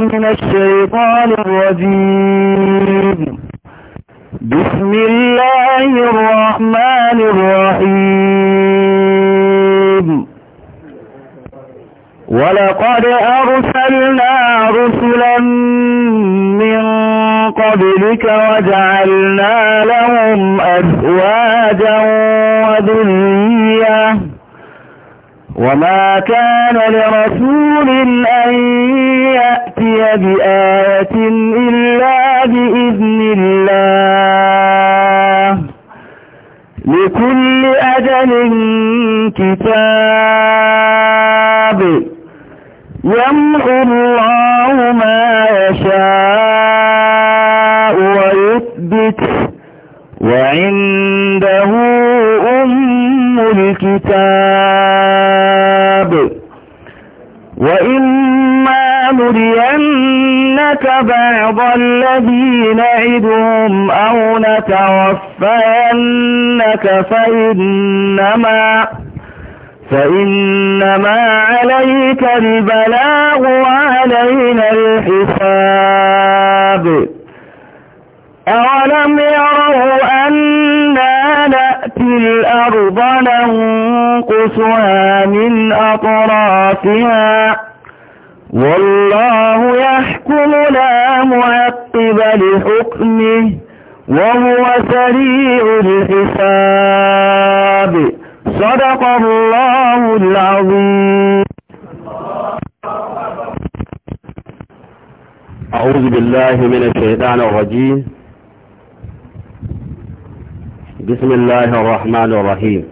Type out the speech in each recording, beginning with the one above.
من الشيطان الرجيم بسم الله الرحمن الرحيم ولقد أرسلنا رسلا من قبلك وجعلنا لهم أزواجا وذرية وما كان لرسول أن يأتي بآية إلا بإذن الله لكل أجل كتاب يمحو الله ما يشاء ويثبت وعنده أم الكتاب وإما نرينك بعض الذي نعدهم أو نتوفينك فإنما فإنما عليك البلاغ وعلينا الحساب أولم يروا الأرض ننقصها من أطرافها والله يحكم لا معقب لحكمه وهو سريع الحساب صدق الله العظيم أعوذ بالله من الشيطان الرجيم بسم الله الرحمن الرحيم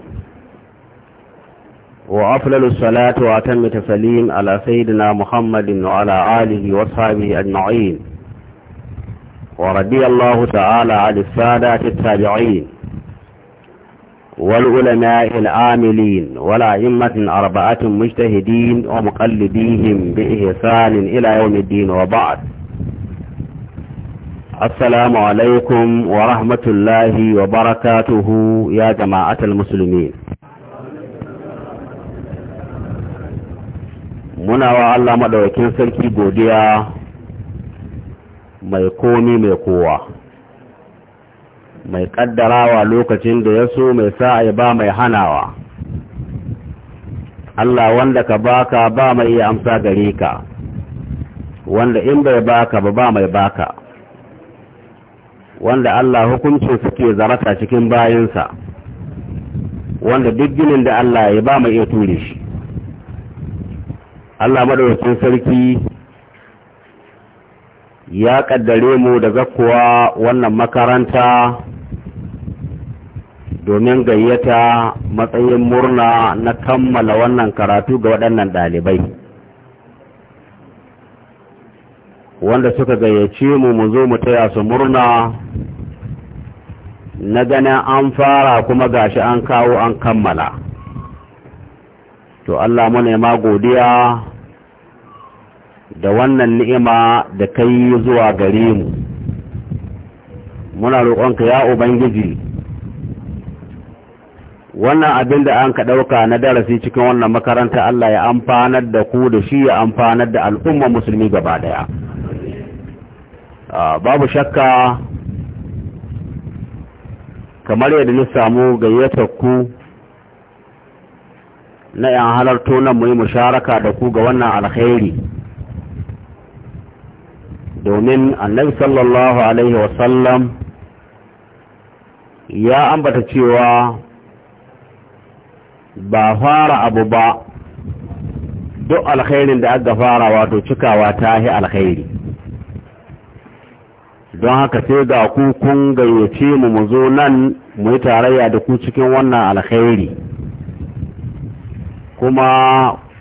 وأفضل الصلاة وأتم التسليم على سيدنا محمد وعلى آله وصحبه أجمعين ورضي الله تعالى عن السادة التابعين والعلماء العاملين والأئمة أربعة مجتهدين ومقلديهم بإحسان إلى يوم الدين وبعد السلام عليكم ورحمة الله وبركاته ya جماعة Musulmi. muna wa Allah maɗaukin sarki godiya mai komi mai kowa mai ƙaddarawa lokacin da ya so mai sa'a ba mai hanawa Allah wanda ka baka ba mai iya amsa gare ka wanda in bai baka ba ba mai baka wanda Allah hukuncin suke zarata cikin bayansa wanda duk ginin da Allah ya ba mai iya ture shi Allah madawacin sarki ya kaddare mu da zakkuwa wannan makaranta domin gayyata matsayin murna na kammala wannan karatu ga waɗannan ɗalibai wanda suka gayyace mu mu zo mu taya su murna na ganin an fara kuma gashi an kawo an kammala to Allah mu nema godiya da wannan ni'ima da kai zuwa gare mu muna roƙonka ya ubangiji wannan abin da an ka ɗauka na darasi cikin wannan makaranta Allah ya amfanar da ku da shi ya amfanar da al'umma musulmi gaba daya Ah, babu shakka kamar yadda na samu gayyatar ku na yan halarto nan mu yi musharaka da ku ga wannan alkhairi domin annabi sallallahu alaihi wasallam ya ambata cewa ba fara abu ba duk alkhairin da aka fara wato cikawa ta yi alkhairi don haka sai ga ku kun gayyace mu mu zo nan mu yi tarayya da ku cikin wannan alkhairi kuma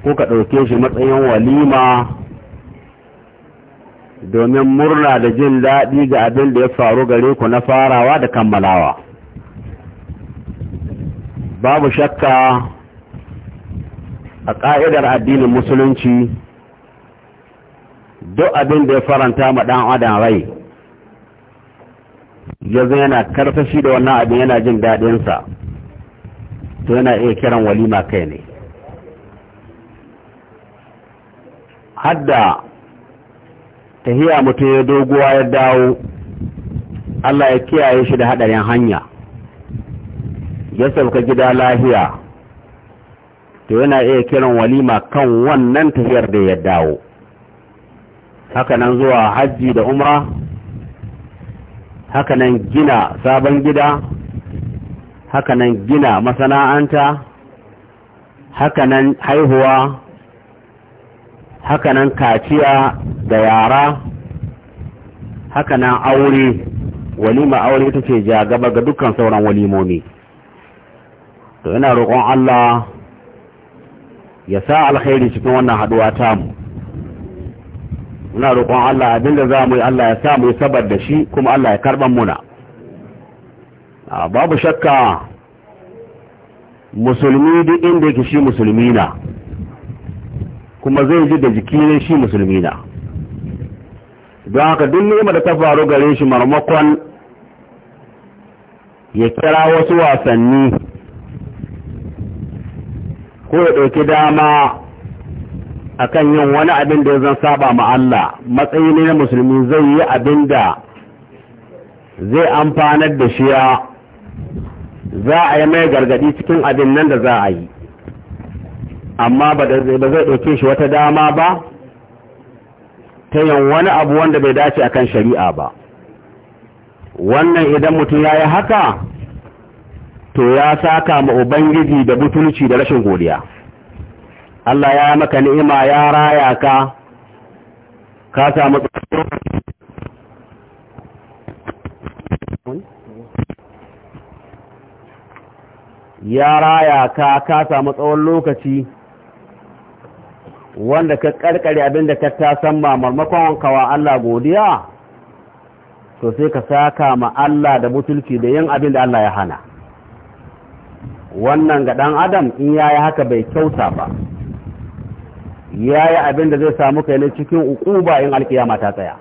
kuka ɗauke shi matsayin walima domin murna da jin daɗi ga abin da ya faru gare ku na farawa da kammalawa babu shakka a ƙa'idar addinin musulunci duk abin da ya faranta ma ɗan adam rai ya yana karfashi da wannan abin yana jin daɗinsa to yana iya kiran walima kai ne hadda tahiya mutum ya doguwa ya dawo Allah ya kiyaye shi da haɗarin hanya ya sauka gida lahiya to yana iya kiran walima kan wannan tahiyar da ya dawo haka nan zuwa hajji da umra hakanan gina sabon gida hakanan gina masana'anta hakanan haihuwa hakanan kaciya da yara hakanan aure walima aure ita ce ja gaba ga dukkan sauran walimomi to ina roƙon Allah ya sa alkhairi cikin wannan haɗuwa tamu muna roƙon Allah abin da za mu yi Allah ya sa mu yi sabar da shi kuma Allah ya karɓan muna babu shakka musulmi duk inda yake shi musulmi na kuma zai ji da jiki ne shi musulmi na don haka duk nema da ta faru gare shi marmakon ya kira wasu wasanni ko ya ɗauki dama akan yin wani abin da zan saba ma Allah matsayi ne na musulmi zai yi abin da zai amfanar da shiya za a yi mai gargadi cikin abin nan da za a yi amma ba zai ɗauke shi wata dama ba ta yin wani abu wanda bai dace akan shari'a ba wannan idan mutum ya yi haka to ya saka ma ubangiji da butulci da rashin godiya Allah ya maka ni'ima ya raya ka ka samu ya raya ka ka samu tsawon lokaci wanda ka karkare abinda ka ta san ba marmakon kawa Allah godiya to sai ka saka ma Allah da mutulki da yin abinda Allah ya hana wannan ga dan adam in yayi haka bai kyauta ba ya yi abin da zai samu kai ne cikin ukuba in alkiyama ta tsaya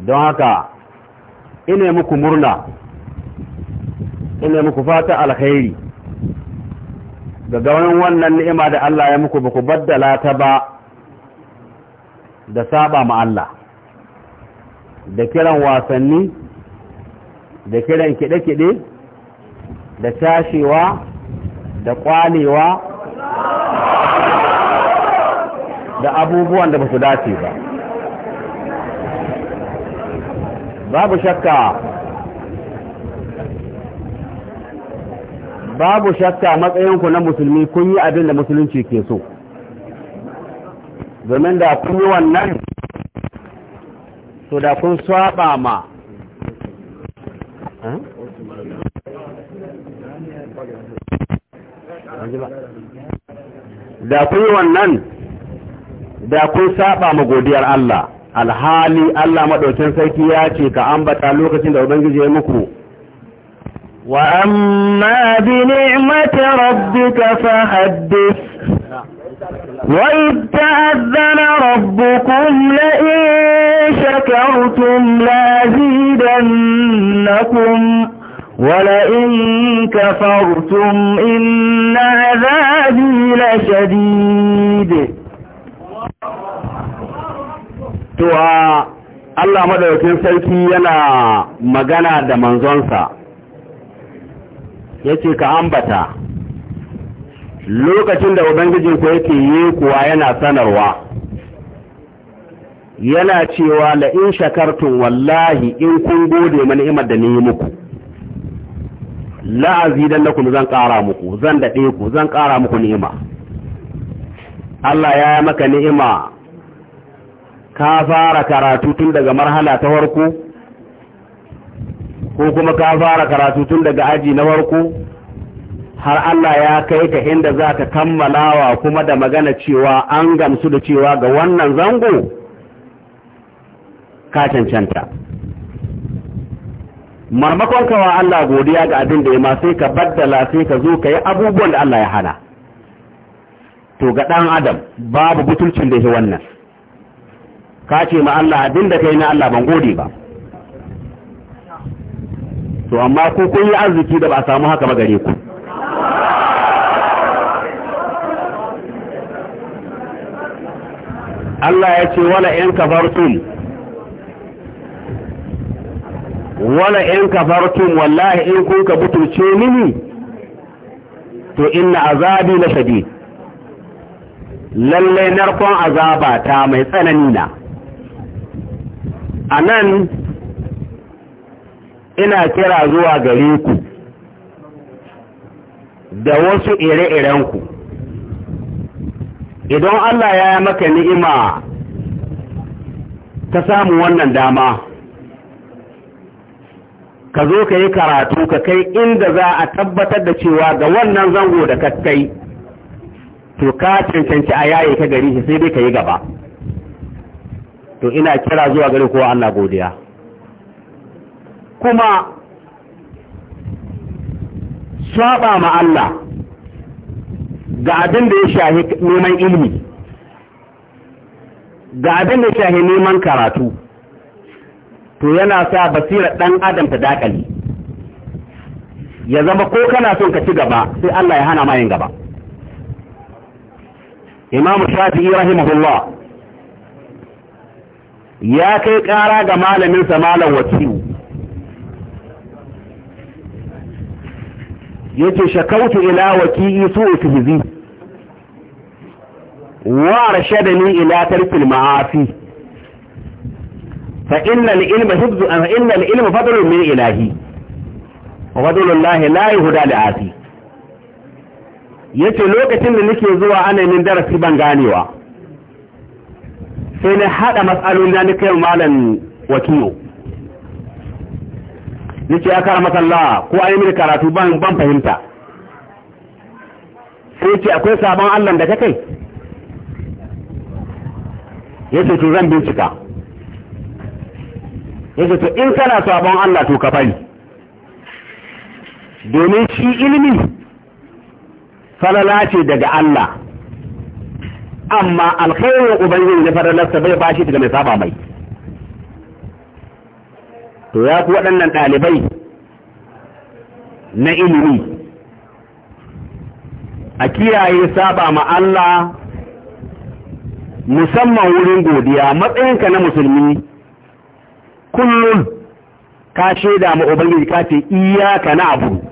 don haka ina muku murna ina muku fata alkhairi ga gawanin wannan ni'ima da Allah ya muku baku baddala ta ba da saba ma Allah da kiran wasanni da kiran kide-kide da tashewa da kwalewa da abubuwan da ba su dace ba babu shakka babu shakka matsayinku na musulmi kun yi abin da musulunci ke so domin da kun yi wannan to da kun saba ma eh? da kun yi wannan da kun saba ma godiyar Allah alhali Allah madaukin sarki ya ce ka ambata lokacin da ubangiji ya muku wa amma bi ni'mati rabbika fahaddith wa ta'azzana rabbukum la in shakartum la zidannakum ولئن كفرتم إن عذابي لشديد cewa Allah madaukakin sarki yana magana da manzonsa yace ka ambata lokacin da ubangijin ku yake yi kuwa yana sanarwa yana cewa la in shakartum wallahi in kun gode mani imar da ni muku azidan lakum zan kara muku zan daɗe ku zan ƙara muku ni'ima Allah ya yi maka ni'ima ka fara karatu tun daga marhala ta farko ko kuma ka fara karatu tun daga aji na farko har Allah ya kai ka inda za ka kammalawa kuma da magana cewa an gamsu da cewa ga wannan zango ka cancanta marmakon kawa Allah godiya ga abin da ya ma sai ka baddala sai ka zo ka yi abubuwan da Allah ya hana to ga ɗan adam babu butulcin da ya wannan ka ce ma Allah abin da kai na Allah ban gode ba to amma ku kun yi arziki da ba a samu haka ba gare ku Allah ya ce wala in kafartum wala in kafartum wallahi in kun ka butulce mini to inna azabi la shadid lalle narkon azaba ta mai tsanani na a nan ina kira zuwa gare ku da wasu ire-irenku idan Allah ya maka ni'ima ta samu wannan dama ka zo ka yi karatu ka kai inda za a tabbatar da cewa ga wannan zango da ka to ka cancanci a yayi ka gari shi sai dai ka yi gaba to ina kira zuwa gare kowa Allah godiya kuma saba ma Allah ga abin da ya shahi neman ilimi ga abin da ya shahi neman karatu to yana sa basirar dan adam ta dakali ya zama ko kana son ka ci gaba sai Allah ya hana mayin gaba imamu shafi'i rahimahullah ya kai ƙara ga malaminsa malam wasiu ce, shakautu ila waki su fihzi wa arshadani ila tarkil ma'afi fa inna al-ilma hibzu an inna al-ilma fadlun min ilahi wa fadlullahi la yuhda li'ati yace lokacin da nake zuwa ana min darasi ban ganewa sai na haɗa matsaloli na kai malam wakiyo nake ya kara masalla ko ayi mini karatu ban ban fahimta sai ce akwai sabon Allah da kai yace to zan bincika yace to in kana sabon Allah to ka bari domin shi ilimi falala ce daga Allah amma alkhairin ubangiji na faralarsa bai bashi daga mai saba mai to ya ku waɗannan ɗalibai na ilimi a kiyaye saba ma Allah musamman wurin godiya matsayinka na musulmi kullum ka shaida ma ubangiji ka ce iyaka na abu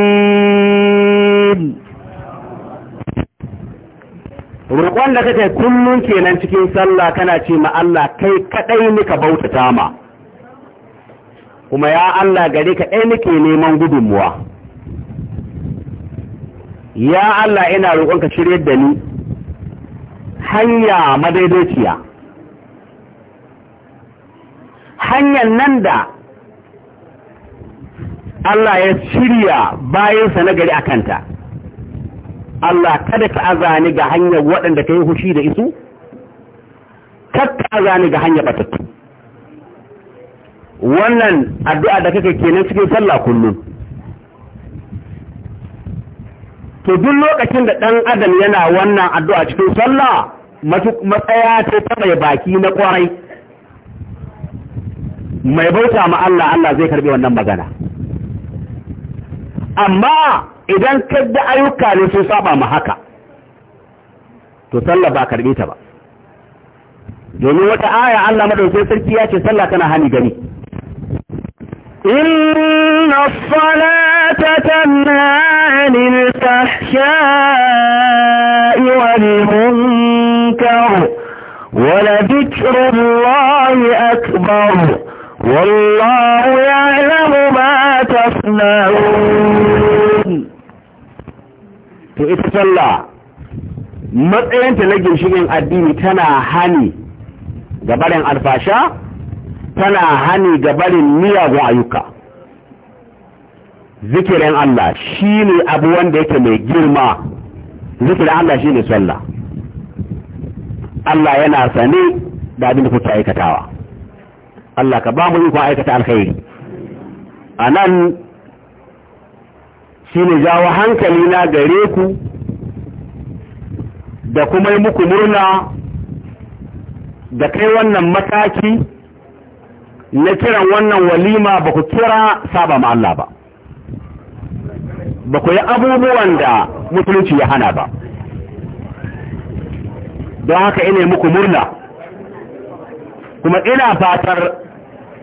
roƙon da kake kullum kenan cikin sallah kana ce ma Allah kai kadai nika bautata ma kuma ya Allah gare ka ɗaya nake neman gudunmuwa ya Allah ina roƙon ka shirye da ni hanya madaidaiciya hanyar nan da Allah ya shirya bayansa na gari a kanta Allah kada ka azani ga hanyar waɗanda ka yi hushi da isu ka azani ga hanyar batattu wannan addu'a da kake kenan cikin sallah kullum to duk lokacin da ɗan adam yana wannan addu'a cikin sallah matsaya ta mai baki na ƙwarai mai bauta ma Allah Allah zai karɓi wannan magana amma idan kadda ayyuka ne sun saba ma haka to sallah ba karbe ta ba domin wata aya Allah madaukakin sarki ya ce sallah tana hani gani إن الصلاة al عن الفحشاء والمنكر ولذكر الله أكبر والله يعلم ما تصنعون to ita sallah matsayinta na ginshirin addini tana hani ga barin alfasha tana hani ga barin miyagu ayyuka zikirin Allah shi ne abu wanda yake mai girma zikirin Allah shi ne sallah Allah yana sane da abin da aikatawa Allah ka ba mu ikon aikata alkhairi a shine jawo hankali na gare ku da kuma yi muku murna da kai wannan mataki na kiran wannan walima ba ku kira saba ma Allah ba ba ku yi abubuwan da mutunci ya hana ba don haka ina muku murna kuma ina fatar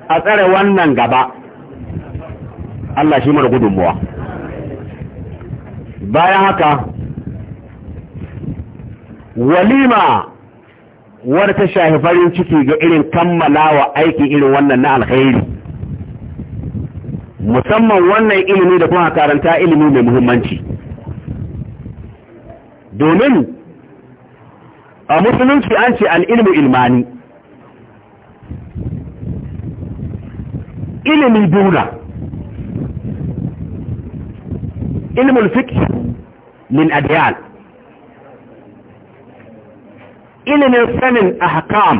a tsare wannan gaba Allah shi mara gudunmuwa bayan haka walima wadda ta shafi farin ciki ga irin kammalawa aiki irin wannan na alkhairi musamman wannan ilimi da kuma karanta ilimi mai muhimmanci domin a musulunci an ce ilimi ilmani ilimi duna ilimin fikir min adiyan ilimin sanin a ahkam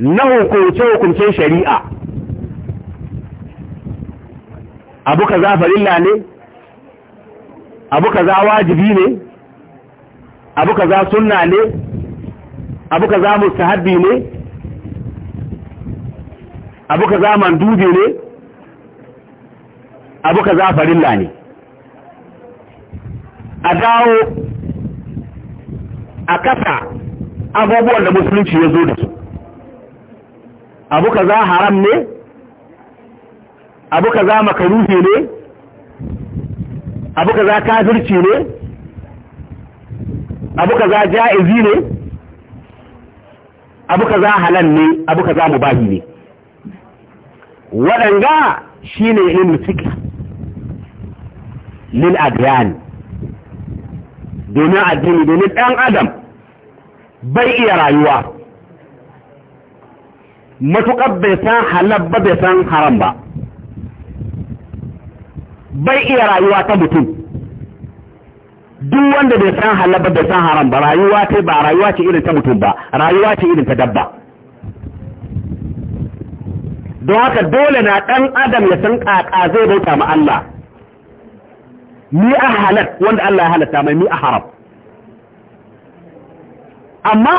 na hukunce-hukuncen shari'a abu kaza farilla ne abu za wajibi ne abu za sunna ne abu kaza mustahabbi ne abu kaza mandubi ne abu kaza farilla ne a dawo a kasa abubuwan da musulunci ya zo da su abu za haram ne abu za makaruhi ne abu za kafirci ne abu za ja'izi ne abu za halal ne abu za mubahi ne waɗanga shine ilmin fiqh lil adyan domin addini domin ɗan adam bai iya rayuwa matuƙar bai san halar ba bai san haram ba bai iya rayuwa ta mutum duk wanda bai san halar ba bai san haram ba rayuwa ta ba rayuwa ce irin ta mutum ba rayuwa ce irin ta dabba don haka dole na ɗan adam ya san ƙaƙa zai bauta ma Allah ni a halak wanda Allah ya halatta mai ni a haram amma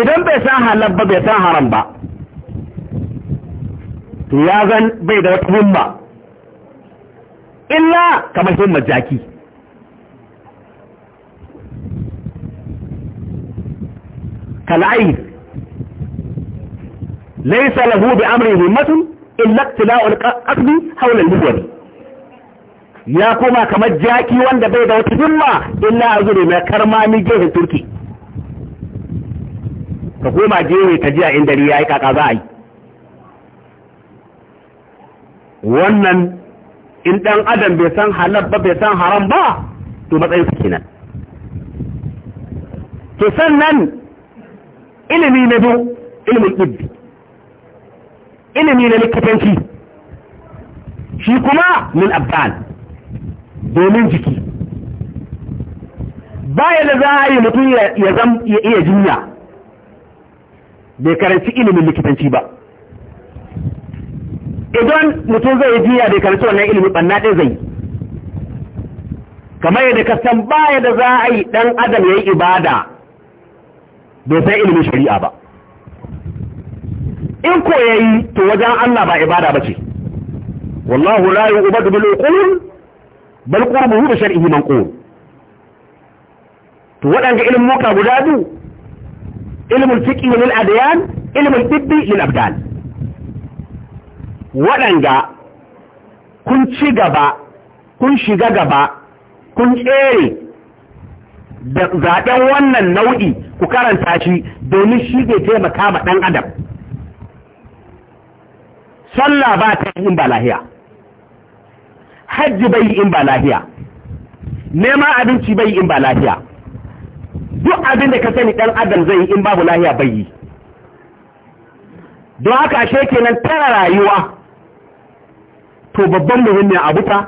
idan bai san halal ba bai san haram ba to ya zan bai da wata himma illa kamar himmar jaki kal'ayi laisa lahu bi amri himmatun illa iqtila'ul qasbi hawla al-mujrim ya koma kamar jaki wanda bai da wata himma illa a zure mai karmami gehen turki ka koma gehe ka ji a inda ya yi kaka za a yi wannan in ɗan adam bai san halar ba bai san haram ba to matsayin su kenan to sannan ilimi na biyu ilimin ibi ilimi na likitanci shi kuma min abdan domin jiki baya da za a yi mutum ya iya jinya bai karanci ilimin likitanci ba idan mutum zai yi jinya bai karanci wannan ilimin ɓanna ɗin zai kamar yadda kasan baya da za a yi ɗan adam ya yi ibada bai san ilimin shari'a ba in ko ya yi to wajen Allah ba ibada ba ce wallahu la yi bil uqul bal qurbuhu da shar'ihi manqur to waɗanda ilmin muka guda du ilmul fiqh lil adyan ilmul tibbi lil abdan waɗanda kun ci gaba kun shiga gaba kun tsere da zaben wannan nau'i ku karanta shi domin shi ke taimaka ma ɗan adam sallah ba ta yin balahiya. hajji bai yi in ba lafiya nema abinci bai yi in ba lafiya duk abin da ka sani dan adam zai yi in babu lahiya bai yi don haka ashe kenan tara rayuwa to babban muhimmi a ta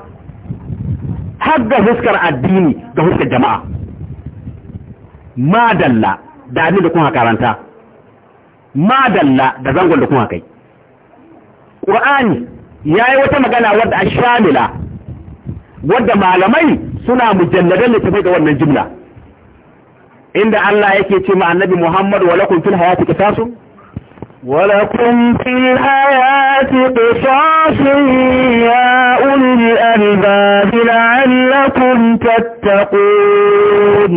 har ga huskar addini ga huskar jama'a madalla da abin da kuma karanta madalla da zangon da kuma kai ƙur'ani ya yi wata magana wadda a shamila wadda malamai suna mujalladan littafai da wannan jimla inda Allah yake ce ma annabi Muhammad wa lakum fil hayati qisasun wa lakum fil hayati qisasun ya ulil albab la'allakum tattaqun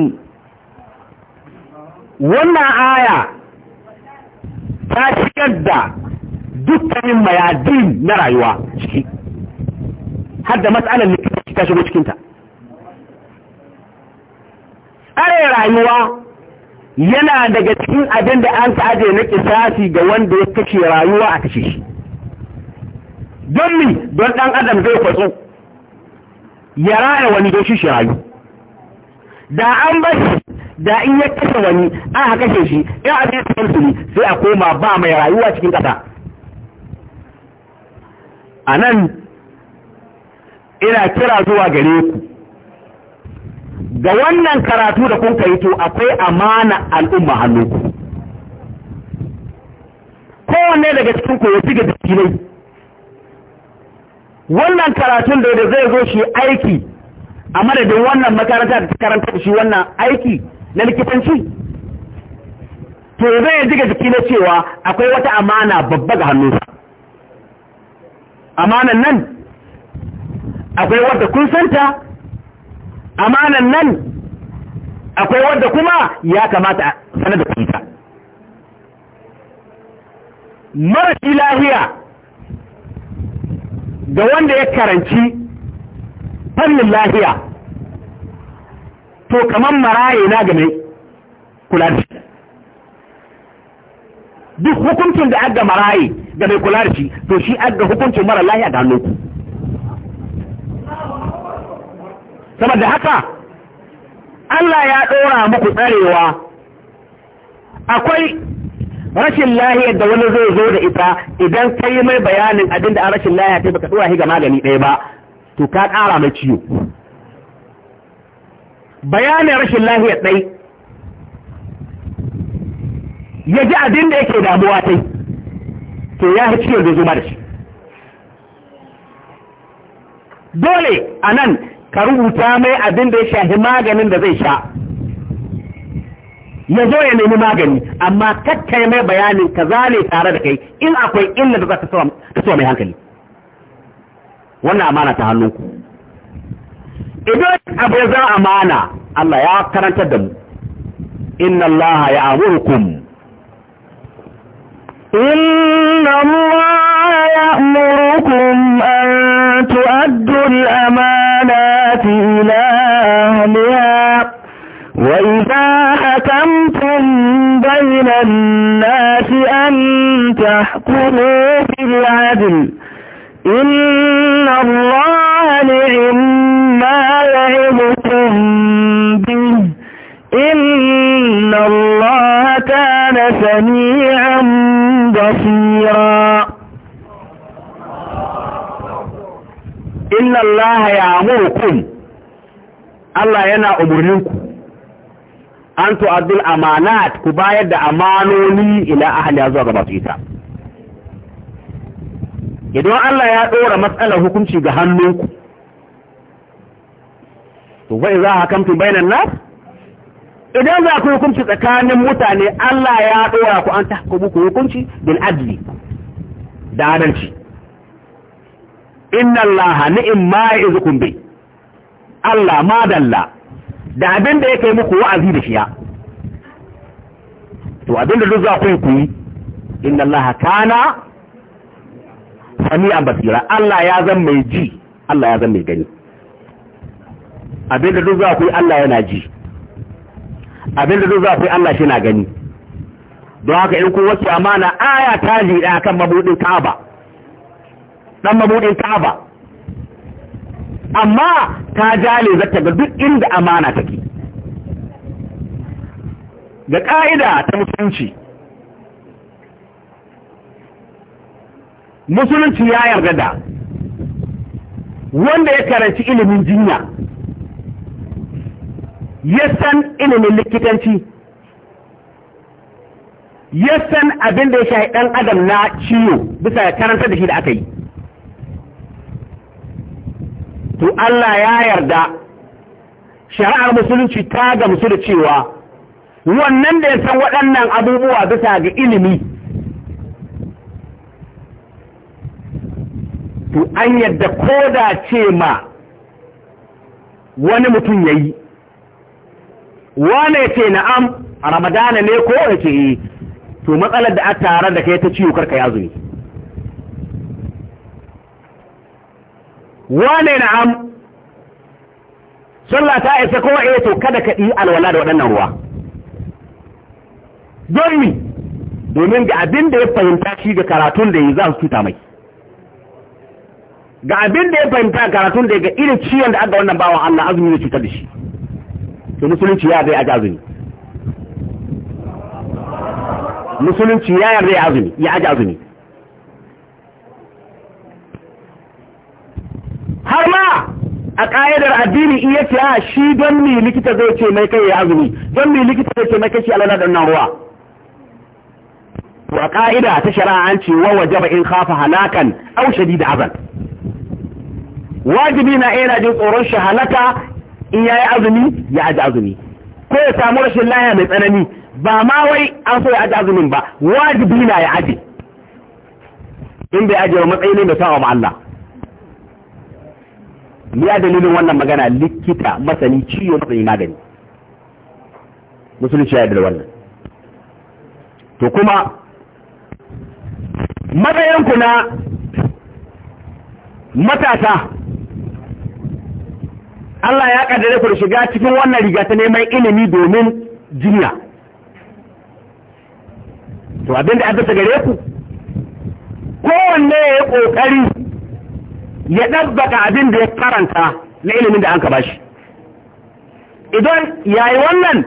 wannan aya ta shigar da dukkanin mayadin na rayuwa ciki har da matsalar ka shigo cikinta tsare rayuwa yana daga cikin abin da an aje na kisasi ga wanda ya kashe rayuwa a kashe shi don mi don ɗan adam zai kwatso ya raya wani don shi rayu da an bashi da in ya kashe wani an haka kashe shi ya abin ya ne sai a koma ba mai rayuwa cikin ƙasa a nan ina kira zuwa gare ku ga wannan karatu da kun kai to akwai amana al'umma hannu ku kowanne daga cikin ku ya figa jiki ne wannan karatun da da zai zo shi aiki a madadin wannan makaranta da karanta shi wannan aiki na likitanci to zai jiga jiki na cewa akwai wata amana babba ga hannunsa amanan nan akwai wadda kun santa amanan nan akwai wadda kuma ya kamata sanar da kuta marashi lahiya ga wanda ya karanci fannin lahiya to kamar maraye na game kula da shi duk hukuncin da aga maraye game kula da shi to shi aga hukuncin mara lahiya da hannunku saboda haka Allah ya ɗora muku tsarewa akwai rashin lahiyar da wani zai zo da ita idan ka yi mai bayanin abinda a rashin lahiyar ta baka ɗora shi ga magani ɗaya ba to ka ƙara mai ciwo bayanin rashin lahiyar ɗai ya ji abin da yake damuwa ta to ya fi da zuma da shi dole a nan ka rubuta mai abin da ya shafi maganin da zai sha ya zo ya nemi magani amma kakkai mai bayanin ka zane tare da kai in akwai illa da za ka so mai hankali wannan amana ta hannunku idan abu ya za amana Allah ya karantar da mu inna Allah ya amurkum inna Allah ya amurkum an tu'addu al-amana الساعة إلى أهلها وإذا حكمتم بين الناس أن تحكموا بالعدل إن الله لعم ما يعظكم به إن الله كان سميعا بصيرا inna allaha ya'murukum Allah yana umurninku an to abdul amanat ku bayar da amanoni ila ahli zuwa ga masu ita idan Allah ya dora matsalar hukunci ga hannunku to za idza hakamtum bainan nas idan za ku hukunci tsakanin mutane Allah ya dora ku an tahkumu ku hukunci bil adli da adalci inna Allah ni'im ma ya'izukum bi Allah ma dalla, da abin da yake muku wa'azi da shiya to abin da duk za ku yi ku yi inna Allah kana sami'an basira Allah ya zan mai ji Allah ya zan mai gani abin da duk za ku yi Allah yana ji abin da duk za ku yi Allah shi na gani don haka in ku wasu amana aya ta jira kan mabudin Ka'aba dan mabudin ka'aba amma ta jale zata ga duk inda amana take da ƙa'ida ta musulunci musulunci ya yarda da wanda ya karanci ilimin jinya ya san ilimin likitanci ya san abin da ya shahi ɗan adam na ciwo bisa ya karanta da shi da aka yi to Allah ya yarda shari'ar musulunci ta gamsu da cewa wannan da ya san waɗannan abubuwa bisa ga ilimi to an yadda ko da ce ma wani mutum ya yi wane ce na'am a ramadana ne ko ya ce yi eh, to matsalar da a tare da kai ta ciwo karka ya zuwa wane am sallah ta isa ko eh to kada ka yi alwala da waɗannan ruwa don mi domin ga abin da ya fahimta shi ga karatun da ya za su cuta mai ga abin da ya fahimta karatun da ga irin ciwon da aka wannan bawan Allah azumi ne cutar da shi to musulunci ya zai aji azumi musulunci ya yarda ya azumi ya aji azumi har ma a ƙa'idar addini iya ce a ah, shi don mi likita zai ce mai kai ya azumi don mi likita zai ce mai kai shi alala nan ruwa wa ƙa'ida ta shari'a an ce wa wajaba in khafa halakan aw shadid azan wajibi na yana jin tsoron shi halaka in yayi azumi ya aji azumi ko ya samu rashin laya mai tsanani ba ma wai an so ya aji azumin ba wajibi na ya aji in bai aje wa matsayi ne sa wa Allah Ni ya dalilin wannan magana likita masani ciwo masani magani musulunci ya da wannan to kuma matsayinku na matasa Allah ya kaddare ku da shiga cikin wannan riga ta neman ilimi domin jinya to abinda an gare ku kowanne ya yi ƙoƙari ya ɗarɓaka abin da ya karanta na ilimin da an ka bashi idan ya yi wannan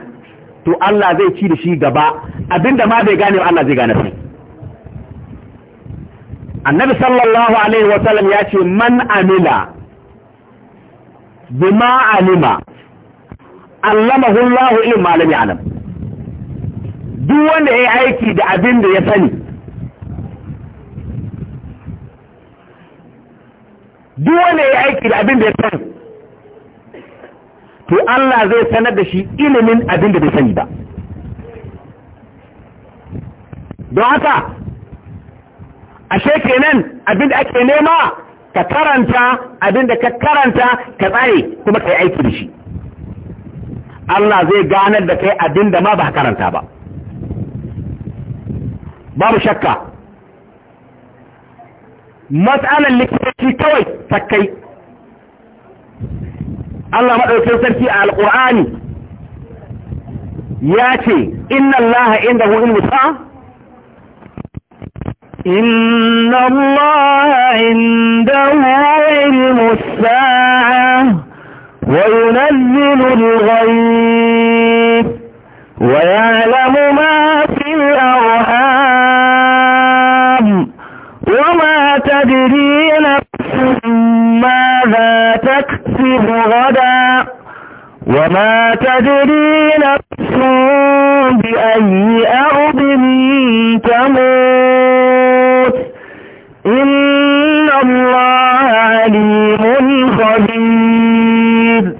to Allah zai ci da shi gaba abin da ma bai gane Allah zai gane sai annabi sallallahu alaihi wasallam ya ce man amila bima alima allamahu Allah ilm malami alam duk wanda ya yi aiki da abin da ya sani duk wanda ya aiki da abin da ya sani to Allah zai sanar da shi ilimin abin da bai sani ba don haka ashe kenan abin da ake nema ka karanta abin da ka karanta ka tsaye kuma ka yi aiki da shi Allah zai ganar da kai abin da ma ba karanta ba babu shakka matsalar likita shi kawai takkai Allah maɗaukin sarki a alƙur'ani ya ce inna Allah inda hu ilmu sa'a إن الله عنده علم الساعة وينزل الغيب ويعلم ما في الأرحام وما تدري ماذا تكسب غدا وما تدري نفس بأي أرض تموت إن الله عليم خبير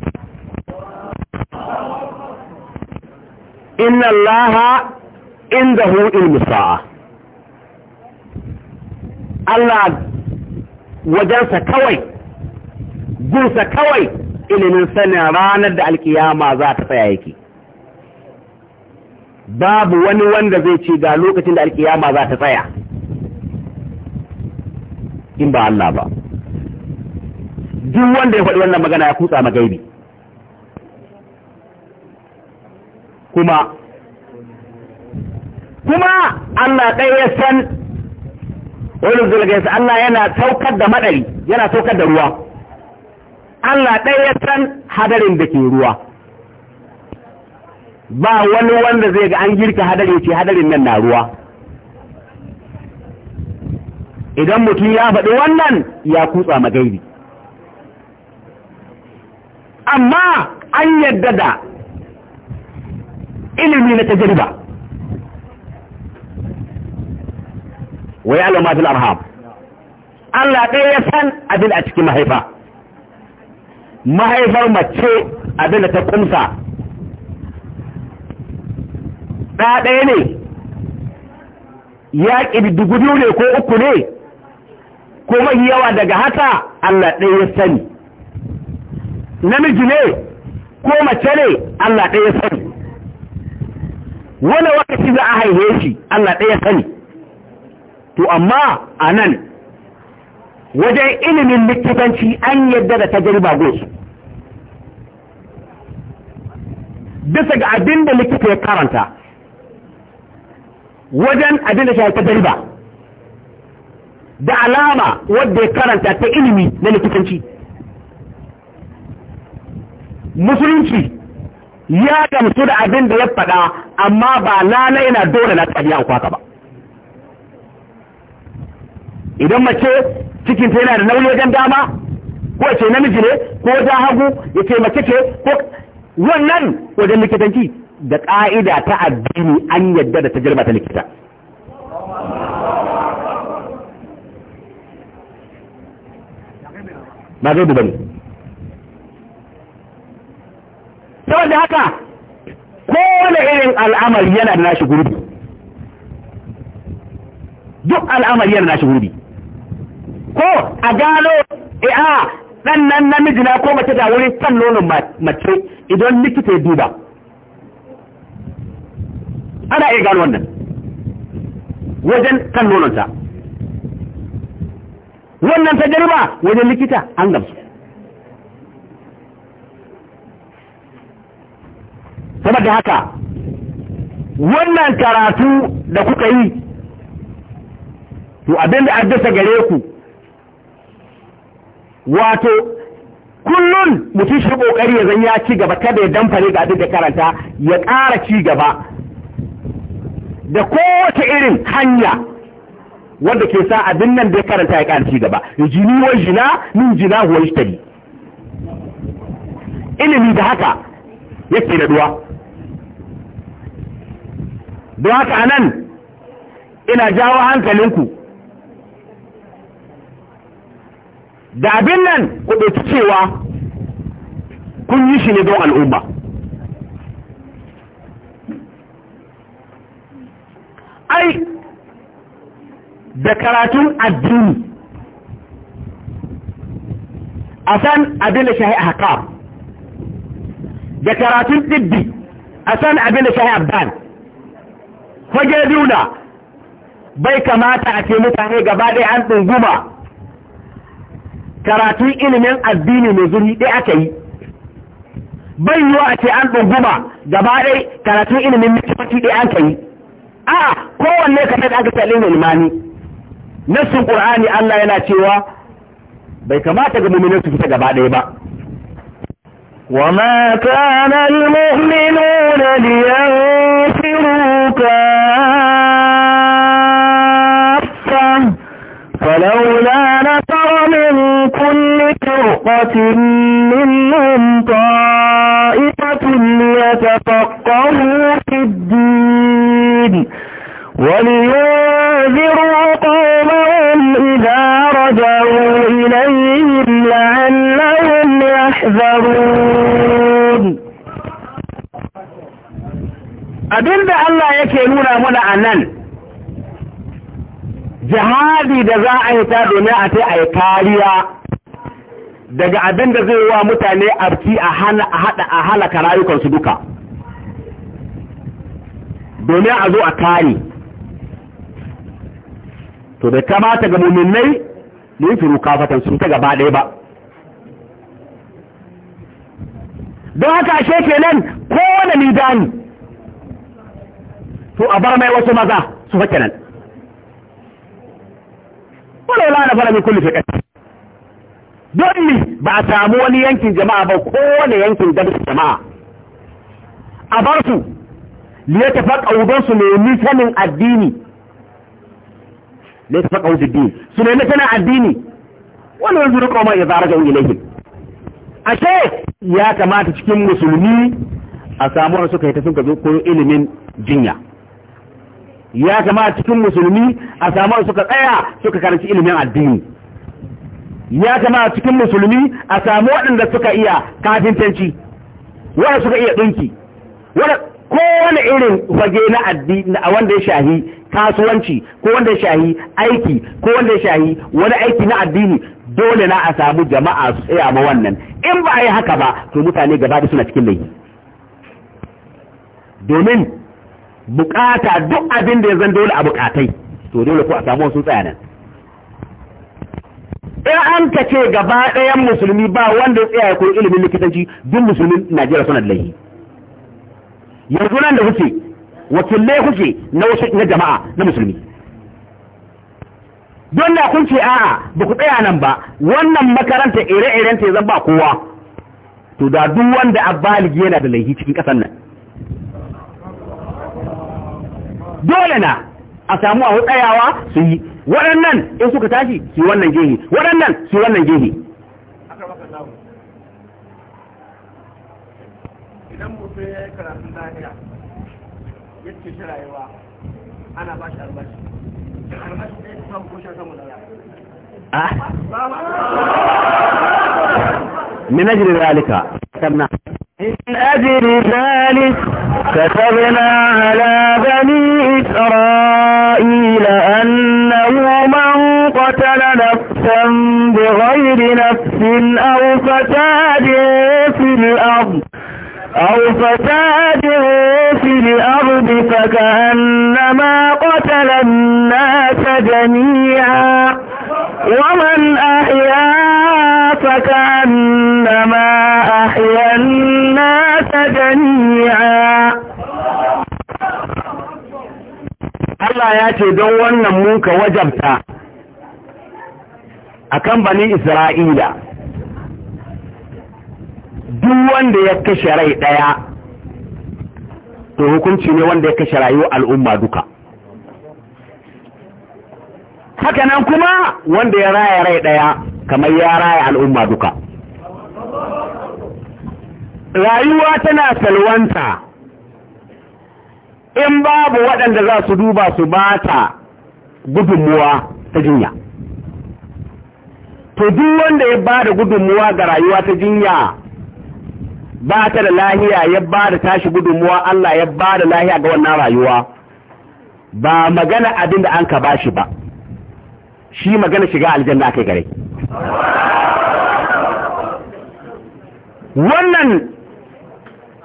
إن الله عنده علم الساعة الله وجلس كويت gunsa kawai ilimin sanin ranar da alkiyama za ta tsaya yake babu wani wanda zai ce ga lokacin da alkiyama za ta tsaya in ba Allah ba duk wanda ya faɗi wannan magana ya kutsa magaibi kuma kuma Allah ɗaya ya san wani Allah yana saukar da maɗari yana saukar da ruwa Allah ɗaya ya san hadarin da ke ruwa ba wani wanda zai ga an girka hadari ce hadarin nan na ruwa idan mutum ya faɗi wannan ya kutsa magaibi amma an yadda da ilimi na tajirba wai ya alama arham Allah ɗaya ya san abin a cikin mahaifa mahaifar mace abin da ta kumsa ɗa ɗaya ne ya ƙididdigu biyu ne ko uku ne ko mahi yawa daga haka Allah ɗaya ya sani namiji ne ko mace ne Allah ɗaya ya sani wani wakaci za a haihe shi Allah ɗaya ya sani to amma a nan wajen ilimin likitanci an yadda da ta tajriba gosu bisa ga abin da likita ya karanta wajen abin da shi ta dariba da alama wadda ya karanta ta ilimi na likitanci musulunci ya gamsu da abin da ya faɗa amma ba lana yana dole na tafiya an kwaka ba idan mace cikinta yana da nauyi wajen dama ko ce namiji ne ko ja hagu ya ce mace ce ko wannan wajen likitanci da ƙa'ida ta addini an yadda da tajarba ta likita ba zai dubani. ne da haka kowane irin al'amari yana da nashi gurbi duk al'amari yana da nashi gurbi ko a gano eh, a dan nan namiji na ko mace da wurin san nonon mace idan likita ya duba ana iya gano wannan wajen kan nononta wannan ta jarba wajen likita an gamsu saboda haka wannan karatu da kuka yi to da addasa gare ku wato kullum mutum shi kokari ya zan ya ci gaba kada ya damfare ga abin da karanta ya ƙara ci gaba da kowace irin hanya wanda ke sa abin nan da ya karanta ya ƙara ci gaba jini wa jina min jina huwa tari ilimi da haka yake da duwa don haka anan ina jawo hankalinku da abin nan ku ɗauki cewa kun yi shi ne don al'umma ai da karatun addini a san abin da shahi ahkam da karatun tibbi a san abin da shahi abdan fage biyu bai kamata a ce mutane gaba ɗaya an ɗunguma karatun ilimin addini mai zuri ɗaya aka yi bai yi a ce an ɗunguma gaba ɗai karatun ilimin mutumci ɗaya aka yi a'a kowanne kamar da aka ce ilimani nassun ƙur'ani ƙur'ani Allah yana cewa bai kamata ga mu'minin su fita gaba ɗaya ba وَمَا كَانَ الْمُؤْمِنُونَ لِيَنْفِرُوا كافرين منهم طائفة ليتفقروا في الدين ولينذروا قومهم إذا رجعوا إليهم لعلهم يحذرون أدل ذا الله يكينونا هنا أنان جهادي دزاعي تابناتي أي كاليا daga abin da zai wa mutane abki a halaka rayukansu duka domin a zo a kare to bai kamata ga muminai da yi firu kafatan sun ta gaba ɗaya ba don haka ashe kenan kowane nidani to a bar mai wasu maza su fake nan wadda wula na fara mai kulle fi ƙasa don ne ba a samu wani yankin jama'a ba kowane yankin jama'a a bar su liya ta faƙa don su nemi sanin addini liya ta faƙa wujuddin su nemi sanin addini wani wani rikon mai ya zara jan ilahi ashe ya kamata cikin musulmi a samu wani suka yi ta sun ka zo koyo ilimin jinya ya kamata cikin musulmi a samu wani suka tsaya suka karanci ilimin addini ya kama cikin musulmi a samu waɗanda suka iya kafintanci waɗanda suka iya ɗinki wani irin fage na addini a wanda ya shahi kasuwanci ko wanda ya shahi aiki ko wanda ya shahi wani aiki na addini dole na a samu jama'a su tsaya ma wannan in ba a yi haka ba to mutane gaba da suna cikin laifi domin bukata duk abin da ya zan dole a bukatai to dole ko a samu wasu tsaya nan in an ka ce gaba ɗayan musulmi ba wanda ya tsaya koyi ilimin likitanci duk musulmin najeriya suna da laihi yanzu nan da kuke wakilai kuke na jama'a na musulmi don da kun ce a'a ba ku tsaya nan ba wannan makaranta ire-iren ta zan ba kowa to da duk wanda a baligi yana da laihi cikin ƙasar nan dole na a samu a tsayawa su yi waɗannan in suka tashi su wannan jihi waɗannan su wannan jihi idan mutum ya yi karatun lahiya ya ce shi rayuwa ana ba shi albashi albashi ne ya kushe samu da من أجل ذلك كتبنا من أجل ذلك كتبنا على بني إسرائيل أن من قتل نفسا بغير نفس أو فساد في الأرض أو فساد في الأرض فكأنما قتل الناس جميعا ومن أحيا فكأنما أحيا الناس جميعا Allah ya ce don wannan muka wajabta a kan bani Isra'ila duk wanda ya kashe rai ɗaya to hukunci ne wanda ya kashe rayuwar al'umma duka hakanan kuma wanda ya raya rai ɗaya kamar ya raya al'umma duka rayuwa tana salwanta in babu waɗanda za su duba su ba ta gudunmuwa ta jinya to duk wanda ya ba da gudunmuwa ga rayuwa ta jinya ba ta da lahiya ya ba da tashi gudunmuwa Allah ya ba da lahiya ga wannan rayuwa ba magana abin da an ka ba shi ba shi magana shiga aljanna aka gare wannan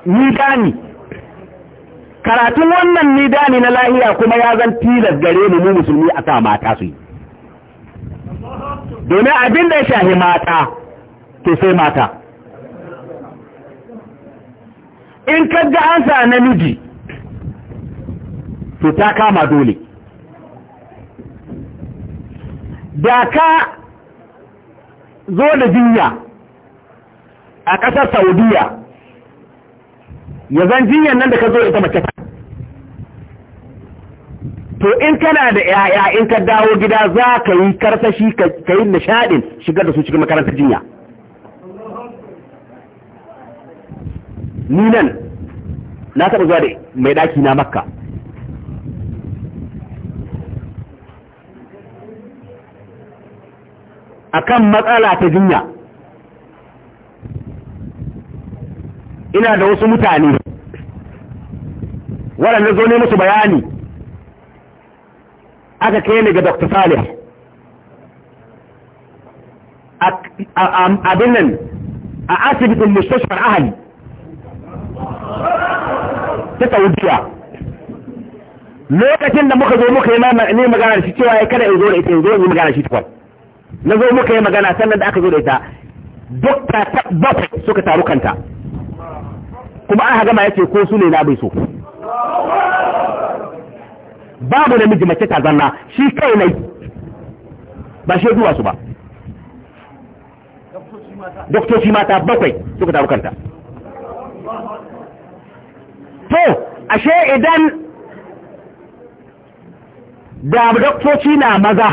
ni gani karatun wannan nidani na lahiya kuma ya zan tilas gare mu mu musulmi a sa mata su yi domin abin da ya shahi mata to sai mata in kagga an sa namiji to ta kama dole da ka zo da jinya a ƙasar saudiya ya zan jinyar nan da ka zo ita mace ta? to in kana da yaya in ka dawo gida za ka yi karsashi ka yi nishadin shigar da su cikin makarantar jinya ni nan na taɓa zuwa da mai ɗaki na makka a kan matsala ta jinya ina da wasu mutane waɗanda zo ne musu bayani aka kai ni ga dr salih abin nan a asibitin mustashar ahali ta saudiya lokacin da muka zo muka yi ne magana da shi cewa ya kada in zo da ita in zo yi magana shi tukwan na zo muka yi magana sannan da aka zo da ita dokta ta bakwai suka taru kanta kuma an hagama ya ce ko su ne na bai so babu namiji mace ta zanna shi kai nai ba shi zuwa su ba doktoci mata bakwai suka taru kanta to ashe idan da doktoci na maza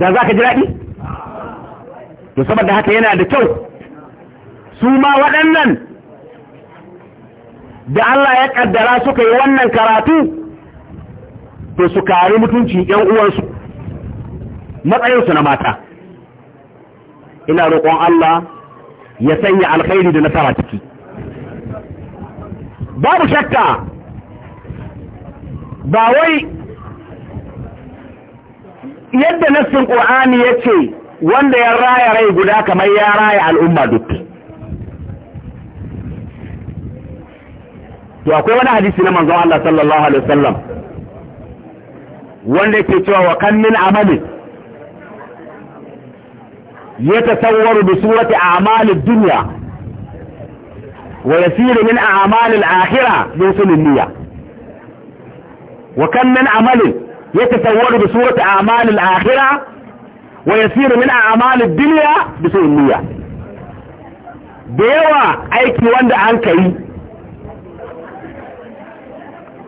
da za ka ji daɗi to saboda haka yana da kyau su ma waɗannan da Allah ya kaddara suka yi wannan karatu to su kare mutunci ɗan uwansu matsayinsu na mata ina roƙon Allah ya sanya alkhairi da nasara ciki babu shakka ba wai yadda nassin ƙur'ani ya ce wanda ya raya rai guda kamar ya raya al'umma duk to akwai wani hadisi na manzon Allah sallallahu alaihi wasallam wanda yake cewa wa kan min amali yatasawwaru bi surati a'mali dunya wa yasiru min a'mali al-akhirah bi sunnil niyya wa kan min amali yatasawwaru bi surati a'mali al-akhirah wa yasiru min a'mali ad-dunya bi sunnil niyya da yawa aiki wanda an kai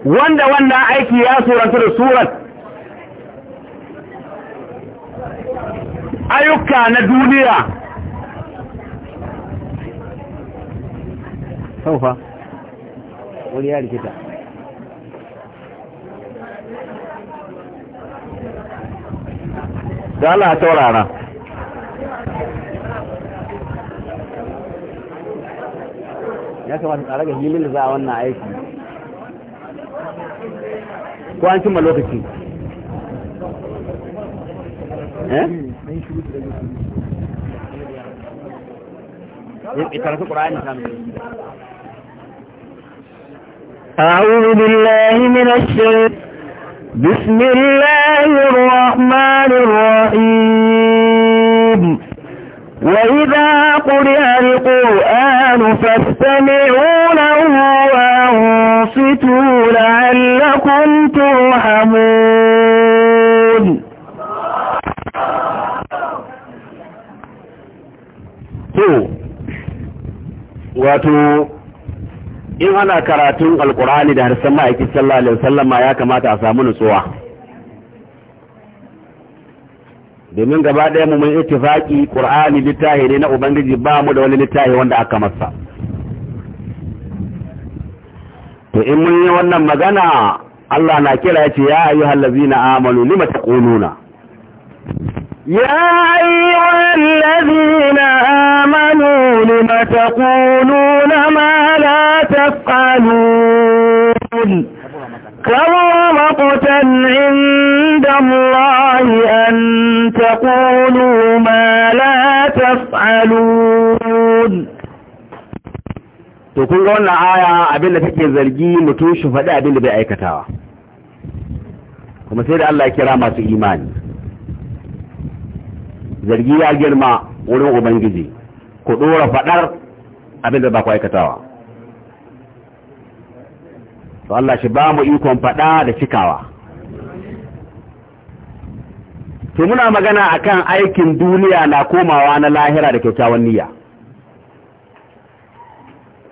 wanda wannan aiki ya suranta da surat ayyuka na duniya saufa wani ya rikita da Allah taurara ya kamata ga himin da za a wannan aiki ko an cimma lokaci eh? Eh, أعوذ بالله من الشيطان بسم الله الرحمن الرحيم وإذا قرئ القرآن فاستمعوا له وأنصتوا لعلكم لعلكم ترحمون wato in ana karatun alkur'ani da harsan ma'aikin sallallahu alaihi wasallam ya kamata a samu nutsuwa domin gaba ɗaya mu mun ittifaqi qur'ani littahi ne na ubangiji ba mu da wani littahi wanda aka masa to in mun yi wannan magana الله na kira يا أيها الذين آمنوا ladina تقولون يا أيها الذين آمنوا لم تقولون ما لا تفعلون كبر مقتا عند الله أن تقولوا ما لا تفعلون to kun ga wannan aya abin da take zargi mutum shi faɗi abin da bai aikatawa kuma sai da Allah ya kira masu imani zargi ya girma wurin ubangiji ku ɗora faɗar abin da ba ku aikatawa to Allah shi ba mu ikon faɗa da cikawa to muna magana akan aikin duniya na komawa na lahira da kyakkyawan niyya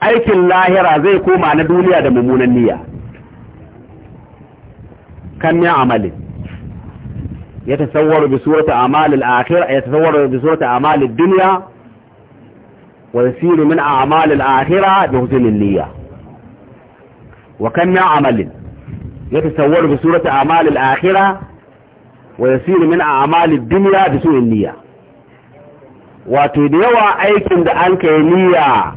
aikin lahira zai koma na duniya da mummunan niyya kan ya amali ya tasawwaru bi surati a'malil akhir ya tasawwaru bi surati a'malid dunya wa yasiru min a'malil akhira bi husnil niyya wa kan ya ya amali tasawwaru bi surati min amalin يتصور بصورة أعمال الآخرة ويصير من أعمال الدنيا da yawa aikin da an kai niyya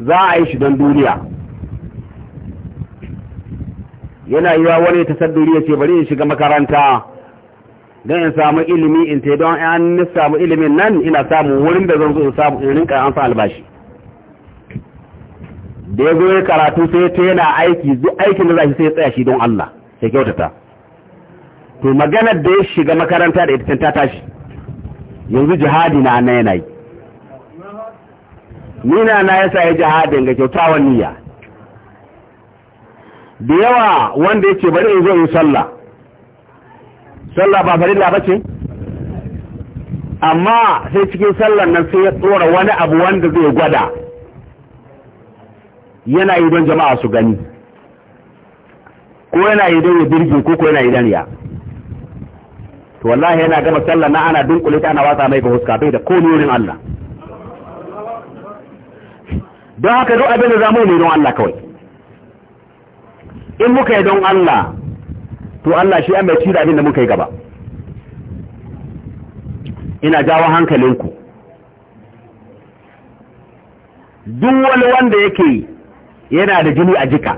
za a yi shi don duniya yana wa wani ta sadduri ya ce bari in shiga makaranta don in samu ilimi in te don an samu ilimin nan ina samu wurin da zan zo in samu irin ka an sa albashi da ya zo ya karatu sai ta yana aiki duk aikin da za shi sai tsaya shi don Allah sai kyautata to maganar da ya shiga makaranta da ita ta tashi yanzu jihadi na na yanayi nina na yasa ya ji haɗin ga kyautawan niyya da yawa wanda ya ce bari in zo in sallah sallah ba laba bace amma sai cikin sallar nan sai ya tsora wani abu wanda zai gwada yana yi don jama'a su gani ko yana yi don ya birge ko yana yi don ya to wallahi yana gama sallah na ana dunkule ta ana watsa mai ga huska bai da ko nurin Allah don haka zo abin da zamu ne don Allah kawai in muka yi don Allah to Allah shi an mai cira abin da muka yi gaba ina jawo hankalinku duk wani wanda yake yana da jini a jika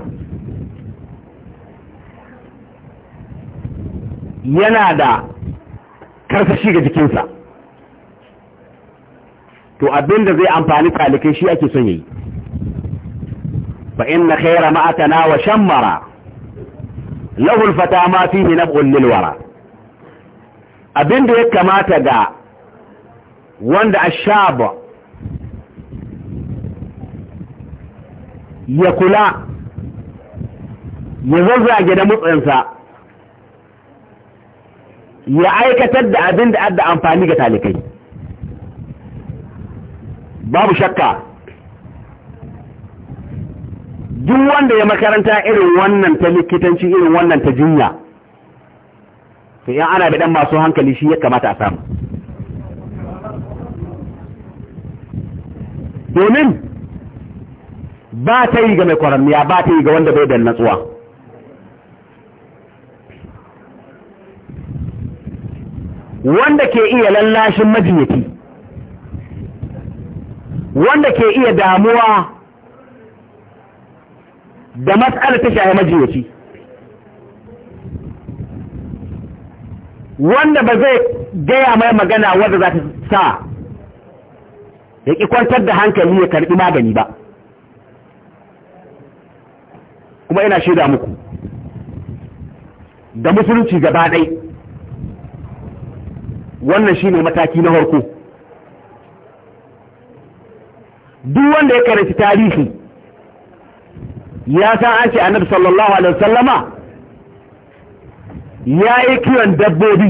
yana da karfashi ga jikinsa to abinda zai amfani talikai shi ake son yi فإن na ما أتنا وشمر له الفتى ما فيه نبغ للورى abin da ya kamata ga wanda ashaba ya kula ya zazzage da mutsinsa ya aikatar da abin da adda amfani ga talikai babu shakka duk wanda ya makaranta irin wannan ta likitanci irin wannan ta jinya to in ana bidan masu hankali shi ya kamata a samu domin ba ta yi ga mai kwaranniya ba ta yi ga wanda bai da natsuwa wanda ke iya lallashin majinyaci wanda ke iya damuwa da matsala ta shahi majiyaci wanda ba zai gaya mai magana wanda za ta sa ya ƙi kwantar da hankali ya karɓi magani ba kuma ina shaida muku da musulunci gaba ɗai wannan shi ne mataki na harko duk wanda ya karanci tarihi ya san an ce annabi sallallahu alaihi wasallama ya yi kiwon dabbobi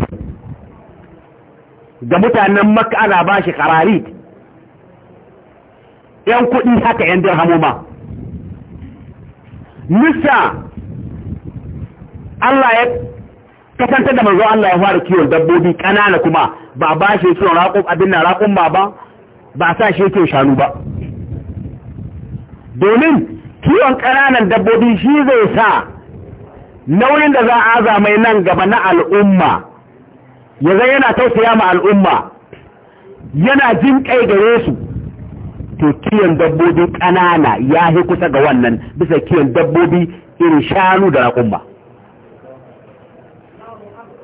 ga mutanen makka ana ba shi karari yan kuɗi haka yan dirhamu ma nisa Allah ya kasantar da manzo Allah ya fara kiwon dabbobi kanana kuma ba ba shi kiwon raƙon abin na raƙon ba ba ba sa shi kiwon shanu ba domin kiwon ƙananan dabbobi shi zai sa nauyin da za a azamai nan gaba na al'umma ya zai yana tausaya ma al'umma yana jin kai gare su to kiwon dabbobi ƙanana ya yi kusa ga wannan bisa kiwon dabbobi irin shanu da al'umma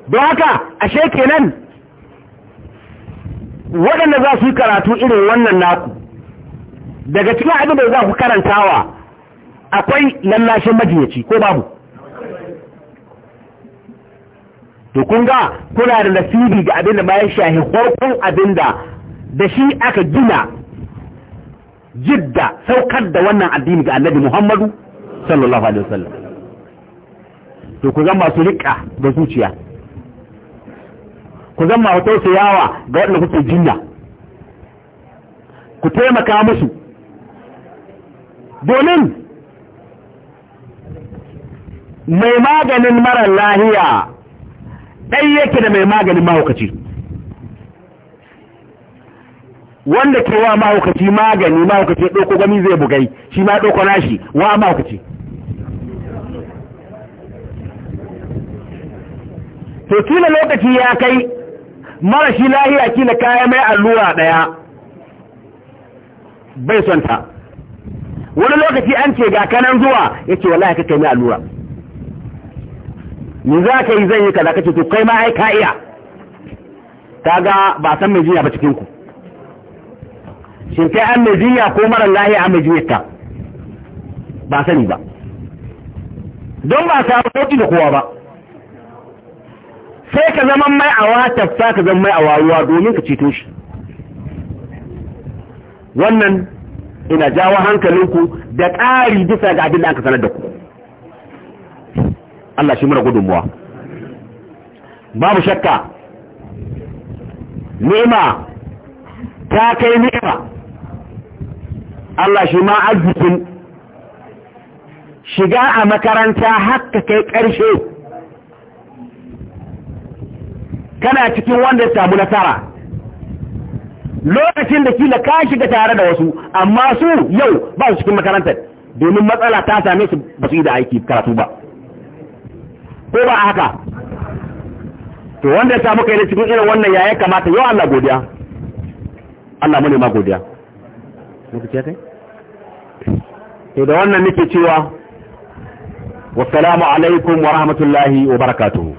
don haka ashe kenan waɗanda za su yi karatu irin wannan naku daga cikin abin da za ku karantawa akwai lallashin majiyaci ko babu to ga kuna da nasibi ga abinda da ma ya shahi farkon abinda da shi aka gina jidda saukar da wannan addini ga annabi muhammadu sallallahu alaihi wasallam to ku masu riƙa da zuciya ku zama masu tausayawa ga waɗanda kuke jinya ku taimaka musu domin mai maganin marar lahiya ɗai yake da mai maganin mahaukaci wanda ke wa mahaukaci magani mahaukaci ya ɗauko gani zai bugai shi ma ɗauko nashi wa mahaukaci to kila lokaci ya kai mara shi lahiya kila kaya mai allura ɗaya bai son ta wani lokaci an ce ga kanan zuwa ya ce wallahi ka kai mai allura ni za ka yi zan yi kaza kace to kai ma ai ka iya kaga ba san mai jinya ba cikin ku shin kai an mai jinya ko mara lahiya an mai jiyarta ba sani ba don ba ta sauki da kowa ba sai ka zama mai awa tafsa ka zama mai a wayuwa domin ka ceto shi wannan ina jawo hankalinku da ƙari bisa ga abin da aka sanar da ku Allah shi mura gudunmuwa babu shakka ni'ima ta kai ni'ima Allah shi ma arzikin shiga a makaranta haka kai ƙarshe kana cikin wanda ya samu nasara lokacin da kila ka shiga tare da wasu amma su yau ba su cikin makarantar domin matsala ta same su basu yi da aiki karatu ba ko ba haka to wanda ya samu kai da cikin irin wannan yaya kamata yau Allah godiya Allah mu ne ma godiya ce kai to da wannan nake cewa salamu alaikum wa rahmatullahi wa barakatuhu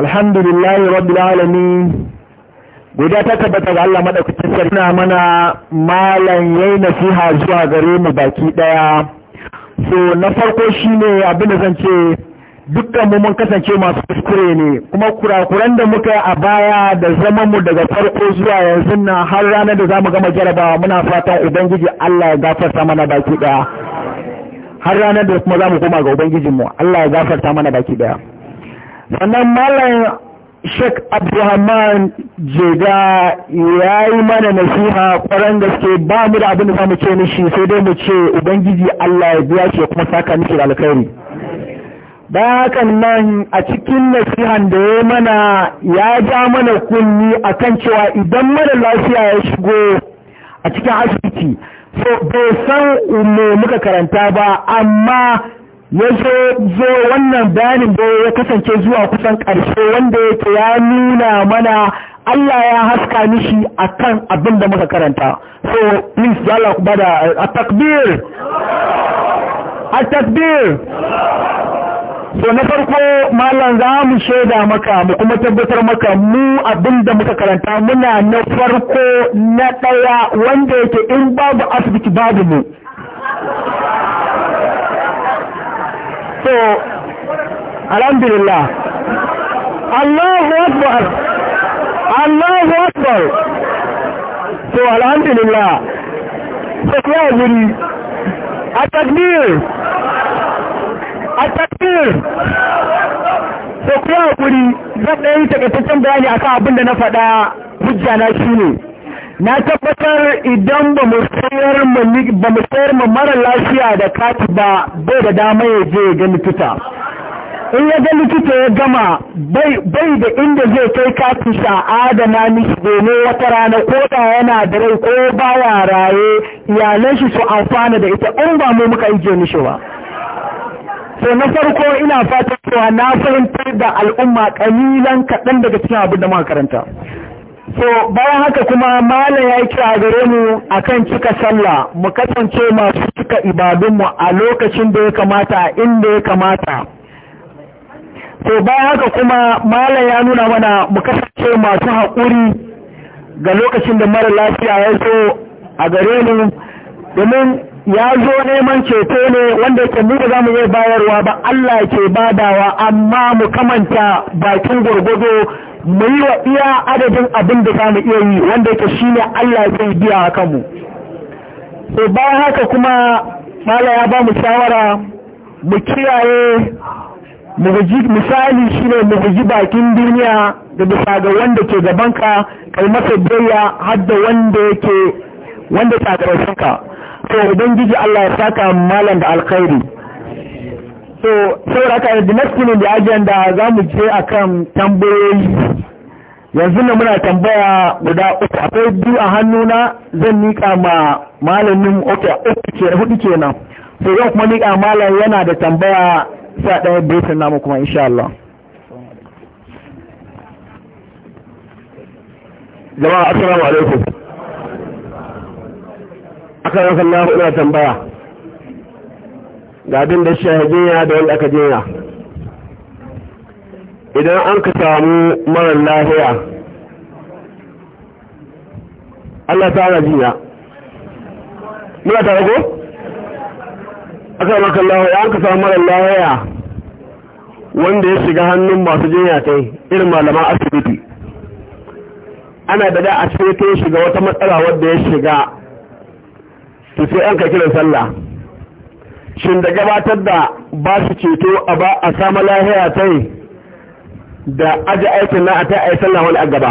الحمد لله رب العالمين guda ta tabbata ga Allah madaukakin sarki na mana malan yayi nasiha zuwa gare mu baki ɗaya. so na farko shine abin da zan ce dukkan mu mun kasance masu kuskure ne kuma kurakuran da muka a baya da zaman mu daga farko zuwa yanzu na har ranar da zamu gama jarabawa muna fatan ubangiji Allah ya gafarta mana baki daya har ranar da kuma zamu koma ga ubangijinmu Allah ya gafarta mana baki daya sannan malam Sheikh Abdulrahman Jega ya yi mana nasiha ƙwarar gaske ba mu da abin da za mu ce mishi sai dai mu ce Ubangiji Allah ya biya shi kuma saka mishi da alkhairi. hakan nan a cikin nasihan da ya mana ya ja mana kunni kan cewa idan mara lafiya ya shigo a cikin asibiti, so bai san me muka karanta ba amma ya zo wannan bayanin da ya kasance zuwa kusan ƙarshe wanda yake ya nuna mana Allah ya haska mishi kan abin da muka karanta so please ya Allah bada a takbir a takbir so na farko malam za mu shaida maka mu kuma tabbatar maka mu abin da muka karanta muna na farko na ɗaya wanda yake in babu asibiti babu mu so alhamdulillah Allahu Akbar Allahu Akbar so alhamdulillah so kya guri atakbir atakbir so kya guri zan dai take cikin bayani akan abin da na faɗa hujja na shine na tabbatar idan ba mu sayar ma mara lafiya da kati ba bai da dama ya je ga likita in ya ga likita ya gama bai da inda zai kai kati sa adana mishi domin wata rana ko da yana da rai ko ba baya raye iyalan shi su amfana da ita in ba mu muka ije mishi ba so na farko ina fatan cewa na fahimtar da al'umma kanilan kaɗan daga cikin abin da muka karanta so bayan haka kuma malam ya yi kira gare mu akan cika sallah mu kasance masu cika ibadunmu a lokacin da ya kamata inda ya kamata so bayan haka kuma malam ya nuna mana mu kasance masu haƙuri ga lokacin da mara lafiya ya zo a gare mu domin ya zo neman ceto ne wanda ke mu za mu yi bayarwa ba Allah ke badawa amma mu kamanta bakin gurgudu mu yi wa iya adadin abin da za mu iya yi wanda yake shi ne Allah zai biya a kanmu so bayan haka kuma mala ya ba mu shawara mu kiyaye misali shi ne mu guji bakin duniya da bisa ga wanda ke gabanka kai masa biyayya har da wanda yake wanda ta ka so ubangiji Allah ya saka malam da alkhairi so sauraka the next minute da agenda za mu je kan tambayoyi yanzu na muna tambaya guda uku akwai biyu a hannuna zan nika ma malamin ok hudu nan so zan kuma nika malam yana da tambaya sa ɗaya briefin namu kuma insha Allah jama'a assalamu alaikum akan yankan na ina tambaya ga abin da shahajiya da wanda aka jinya idan an ka samu marar lahiya Allah ta ana jinya muna tare ko? aka maka lahiya an ka samu marar lahiya wanda ya shiga hannun masu jinya ta irin malaman asibiti ana da da a cikin shiga wata matsala wadda ya shiga to sai an ka kiran sallah shin da gabatar da ba su ceto a ba a samu lahiya sai da aji aikin na a ta aisa na wani a gaba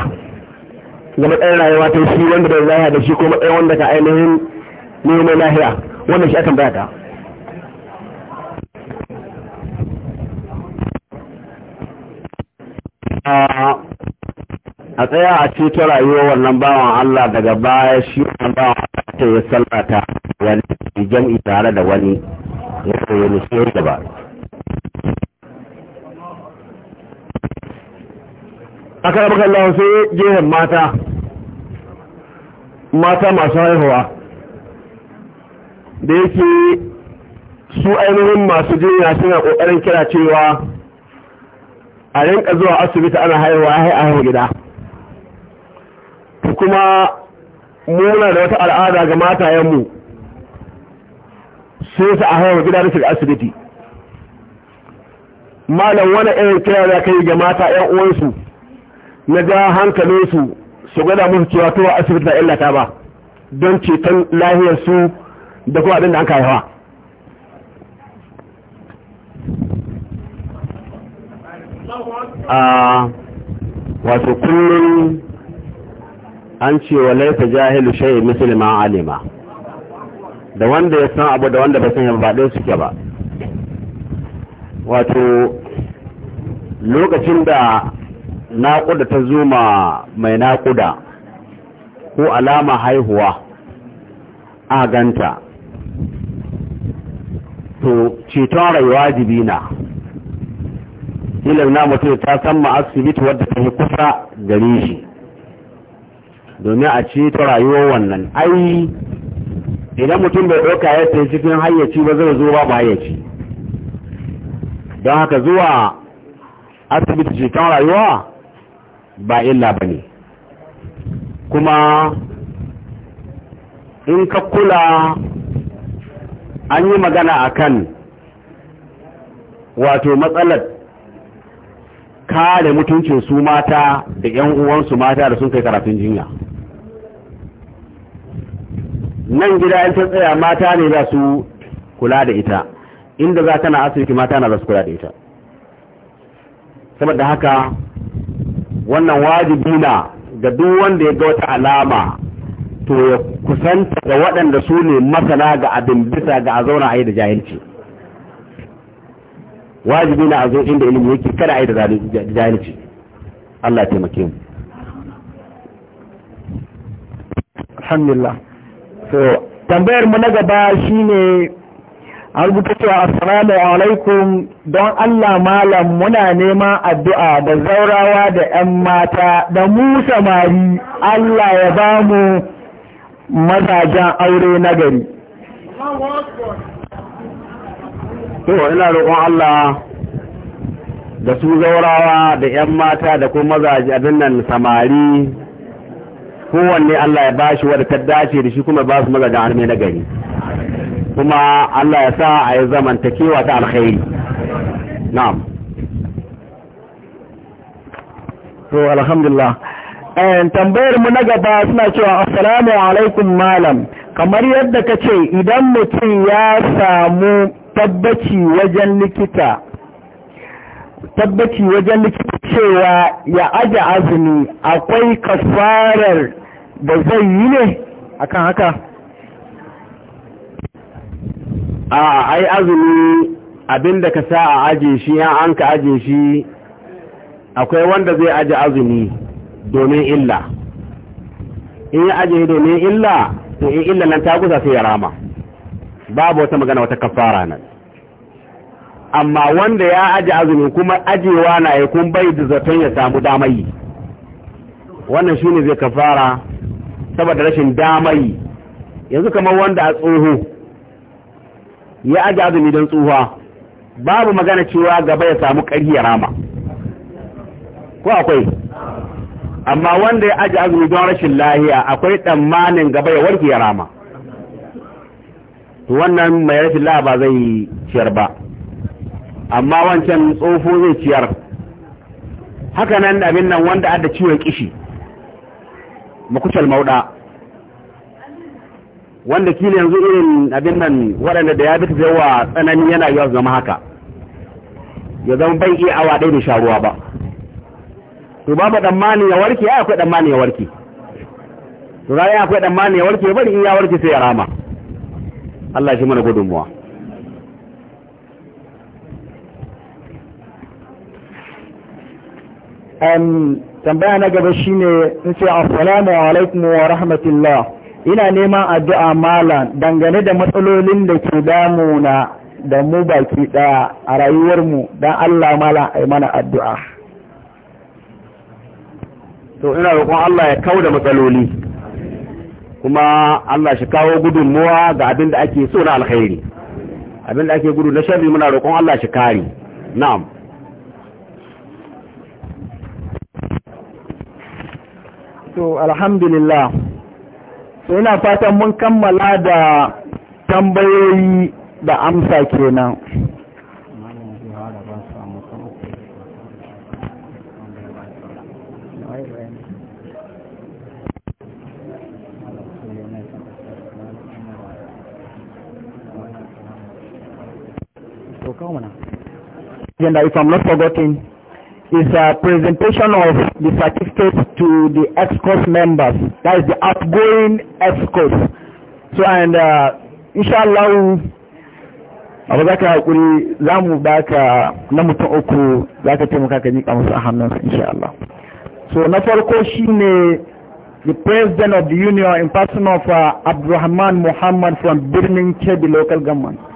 ga matsayin rayuwa ta shi wanda bai lahiya da shi ko matsayin wanda ka ainihin neman lahiya wannan shi akan bayata. a ah, a tsaya a ceto rayuwar wannan bawan Allah daga baya shi wannan bawan Allah ta ya sallata wani jam'i tare da wani ya koyi ne sai gaba aka rabu kallon sai gehen mata mata masu haihuwa da yake su ainihin masu jinya suna ƙoƙarin kira cewa a rinka zuwa asibiti ana haihuwa ya haihuwa gida kuma muna da wata al'ada ga matayenmu sai su a hawa gida da shiga asibiti malam wani irin kira da kai ga mata yan uwansu na ga hankalinsu su gwada musu cewa towa asibiti na illata ba don ceton lahiyarsu da kuma abin da an kayawa a wato kullum an ce wa laifin jahilu shai misali ma alima da wanda ya san abu da wanda bai yamma ba ɗaya suke ba wato lokacin da naƙuda ta zo ma mai naƙuda ko alama haihuwa a ganta to ceton rayuwa jibina ilim na ta san ma asibiti wadda ta yi kusa gare shi domin a ci ta rayuwar wannan ai idan mutum bai ɗauka ya ce cikin hayyaci ba zai zo ba babu hayyaci don haka zuwa asibiti cikin rayuwa ba illa ba ne kuma in ka kula an yi magana akan wato matsalar kare mutuncin su mata da 'yan uwansu mata da sun kai karatun jinya nan gida in ta tsaya mata ne za su kula da ita inda za tana asibiti mata na za su kula da ita saboda haka wannan wajibi na ga duk wanda ya ga wata alama to ya kusanta ga waɗanda su ne masana ga abin bisa ga a zauna a yi da jahilci wajibi na a zo inda ilimi yake kada a yi da jahilci Allah ya taimake mu alhamdulillah to tambayar mu na gaba shine albuta rubuta cewa assalamu alaikum don Allah malam muna neman addu'a da zaurawa da 'yan mata da mu samari Allah ya ba mu mazajen aure na gari to ina roƙon Allah da su zaurawa da 'yan mata da kuma mazajen nan samari kowanne Allah ya bashi wadda ta dace da shi kuma ba su mazajen arme na gari kuma Allah ya sa a yi zamantakewa ta alkhairi na'am to alhamdulillah eh, tambayar mu na gaba suna cewa assalamu alaikum malam kamar yadda ka ce idan mutum ya samu tabbaci wajen likita tabbaci wajen likita cewa ya aje azumi akwai kafarar da zai yi ne akan haka a ai azumi abinda ka sa a aje shi ya an ka aje shi akwai wanda zai aje azumi domin illa in ya aje domin illa to in illa nan ta gusa sai ya rama babu wata magana wata kafara nan amma wanda ya aji azumi kuma ajewa na ya kun bai da zaton ya samu damai wannan shi ne zai kafara saboda rashin damai yanzu kamar wanda a tsoho ya aji azumi don tsohuwa, babu magana cewa gaba ya samu ƙari ya rama ko akwai amma wanda ya aji azumi don rashin lahiya akwai tsammanin gaba ya warke ya rama to wannan mai rashin lahiya ba zai ciyar ba amma wancan tsofo zai ciyar haka nan abin nan wanda adda ciwon kishi makucal mauda wanda kila yanzu irin abin nan waɗanda da ya bi ta wa tsanani yana yawa zama haka ya zama bai iya awa ɗaya da sharuwa ba to babu ɗammani ya warke ya akwai ɗammani ya warke to raya akwai ɗammani ya warke bari in ya warke sai ya rama Allah shi mana gudunmuwa tambaya na gaba shine in ce assalamu alaikum wa rahmatullah ina neman addu'a malam dangane da matsalolin da ke damuna da mu baki daya a rayuwarmu don Allah malam ai mana addu'a to ina roƙon Allah ya kawo da matsaloli kuma Allah shi kawo gudunmuwa ga abin da ake so na alkhairi abin da ake gudu na sharri muna roƙon Allah shi kare na'am to alhamdulillah so ina fatan mun kammala da tambayoyi da amsa kenan If I'm not forgetting is a presentation of the certificate to the EXCOS members. That is the outgoing EXCOS. So and uh, inshallah abu za ka haƙuri za mu ba ka na mutum uku za ka taimaka ka jika musu a hannunsa inshallah. So na farko shi the president of the union in person of uh, Abdulrahman Muhammad from Birnin Kebbi local government.